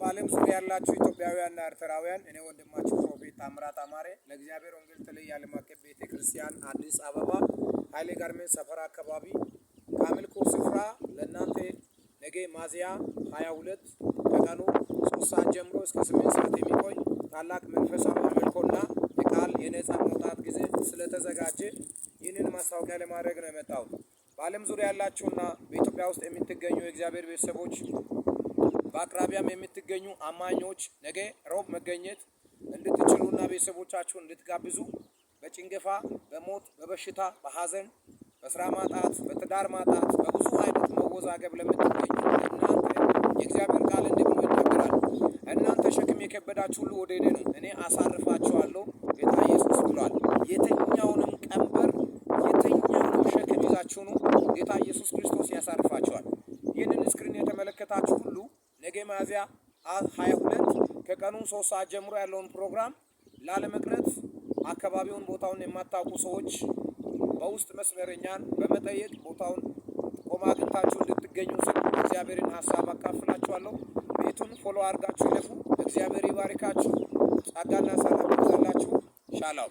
በዓለም ዙሪያ ያላችሁ ኢትዮጵያውያንና ኤርትራውያን እኔ ወንድማችሁ ፕሮፌት ታምራት አማሬ ለእግዚአብሔር ወንጌል ተለይ ዓለም አቀፍ ቤተ ክርስቲያን አዲስ አበባ ኃይሌ ጋርሜን ሰፈራ አካባቢ ከአምልኮ ስፍራ ለእናንተ ነገ ማዝያ 22 ከቀኑ ሶስት ሰዓት ጀምሮ እስከ 8 ሰዓት የሚቆይ ታላቅ መንፈሳዊ አምልኮና የቃል የነጻ መውጣት ጊዜ ስለተዘጋጀ ይህንን ማስታወቂያ ለማድረግ ነው የመጣሁት። በዓለም ዙሪያ ያላችሁና በኢትዮጵያ ውስጥ የምትገኙ የእግዚአብሔር ቤተሰቦች በአቅራቢያም የምትገኙ አማኞች ነገ ሮብ መገኘት እንድትችሉና ቤተሰቦቻችሁን እንድትጋብዙ በጭንገፋ፣ በሞት፣ በበሽታ፣ በሐዘን፣ በስራ ማጣት፣ በትዳር ማጣት፣ በብዙ አይነት መወዛገብ ለምትገኙ እናንተ የእግዚአብሔር ቃል እንዲህ ብሎ ይናገራል። እናንተ ሸክም የከበዳችሁ ሁሉ ወደ እኔ ነው፣ እኔ አሳርፋችኋለሁ ጌታ ኢየሱስ ብሏል። የትኛውንም ቀንበር የትኛውንም ሸክም ይዛችሁኑ ጌታ ኢየሱስ ክርስቶስ ያሳርፋችኋል። ይህንን ስክሪን የተመለከታችሁ ሁሉ ነገ ሚያዝያ 22 ከቀኑ 3 ሰዓት ጀምሮ ያለውን ፕሮግራም ላለመቅረት አካባቢውን ቦታውን የማታውቁ ሰዎች በውስጥ መስመር በመጠየቅ ቦታውን ቆማ አግኝታችሁ እንድትገኙ ስል እግዚአብሔርን ሀሳብ አካፍላችኋለሁ። ቤቱን ፎሎ አድርጋችሁ ይለፉ። እግዚአብሔር ይባርካችሁ። ጸጋና ሰላም ይብዛላችሁ። ሻላው